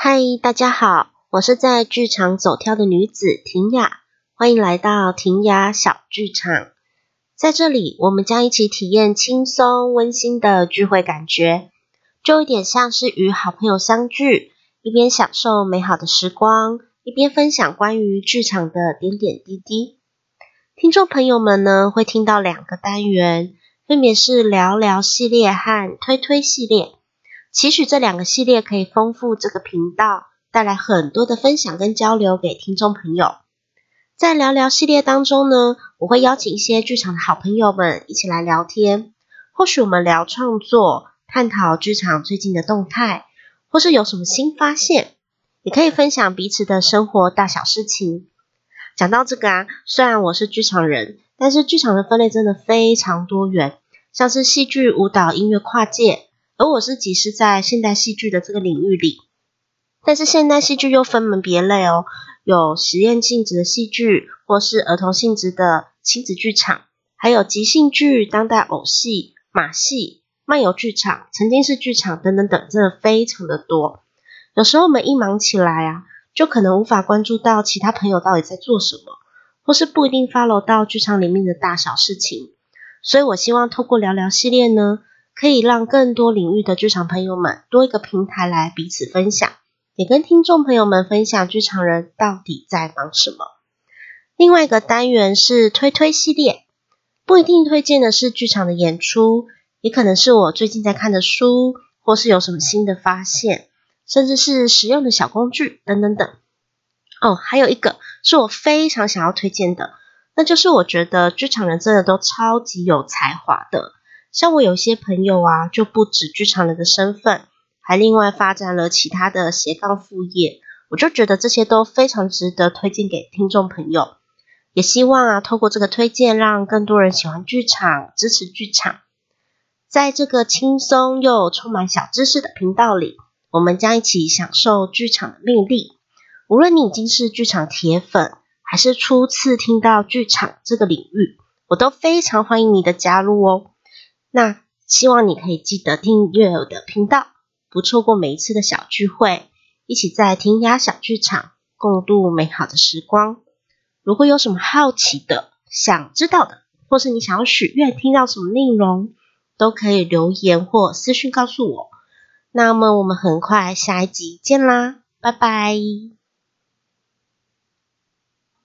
嗨，大家好，我是在劇場走跳的女子庭雅，歡迎來到庭雅小聚場。在這裡，我們將一起體驗輕鬆溫馨的聚會感覺，就有點像是與好朋友相聚，一邊享受美好的時光，一邊分享關於劇場的點點滴滴。聽眾朋友們呢，會聽到兩個單元，分別是聊聊系列和推推系列。期許這兩個系列可以豐富這個頻道，帶來很多的分享跟交流給聽眾朋友。在聊聊系列當中呢，我會邀請一些劇場的好朋友們一起來聊天，或許我們聊創作，探討劇場最近的動態，或是有什麼新發現，也可以分享彼此的生活大小事情。講到這個啊，雖然我是劇場人，但是劇場的分類真的非常多元，像是戲劇、舞蹈、音樂跨界。而我自己是在現代戲劇的這個領域裡，但是現代戲劇又分門別類哦，有實驗性質的戲劇，或是兒童性質的親子劇場，還有即興劇、當代偶戲、馬戲、漫遊劇場、沉浸式劇場等等等等，真的非常的多。有時候我們一忙起來啊，就可能無法關注到其他朋友到底在做什麼，或是不一定 follow 到劇場裡面的大小事情。所以我希望透過聊聊系列呢，可以讓更多領域的劇場朋友們多一個平台來彼此分享，也跟聽眾朋友們分享劇場人到底在忙什麼。另外一個單元是推推系列，不一定推薦的是劇場的演出，也可能是我最近在看的書，或是有什麼新的發現，甚至是實用的小工具等等等。哦，還有一個是我非常想要推薦的，那就是我覺得劇場人真的都超級有才華的。像我有些朋友啊，就不止劇場人的身份，還另外發展了其他的斜槓副業。我就覺得這些都非常值得推薦給聽眾朋友，也希望啊，透過這個推薦，讓更多人喜歡劇場、支持劇場。在這個輕鬆又充滿小知識的頻道裡，我們將一起享受劇場的魅力。無論你已經是劇場鐵粉，還是初次聽到劇場這個領域，我都非常歡迎你的加入哦。那希望你可以記得訂閱我的頻道，不錯過每一次的小聚會，一起在庭雅小劇場共度美好的時光。如果有什麼好奇的、想知道的，或是你想要許願聽到什麼內容，都可以留言或私訊告訴我。那麼我們很快下一集見啦，拜拜。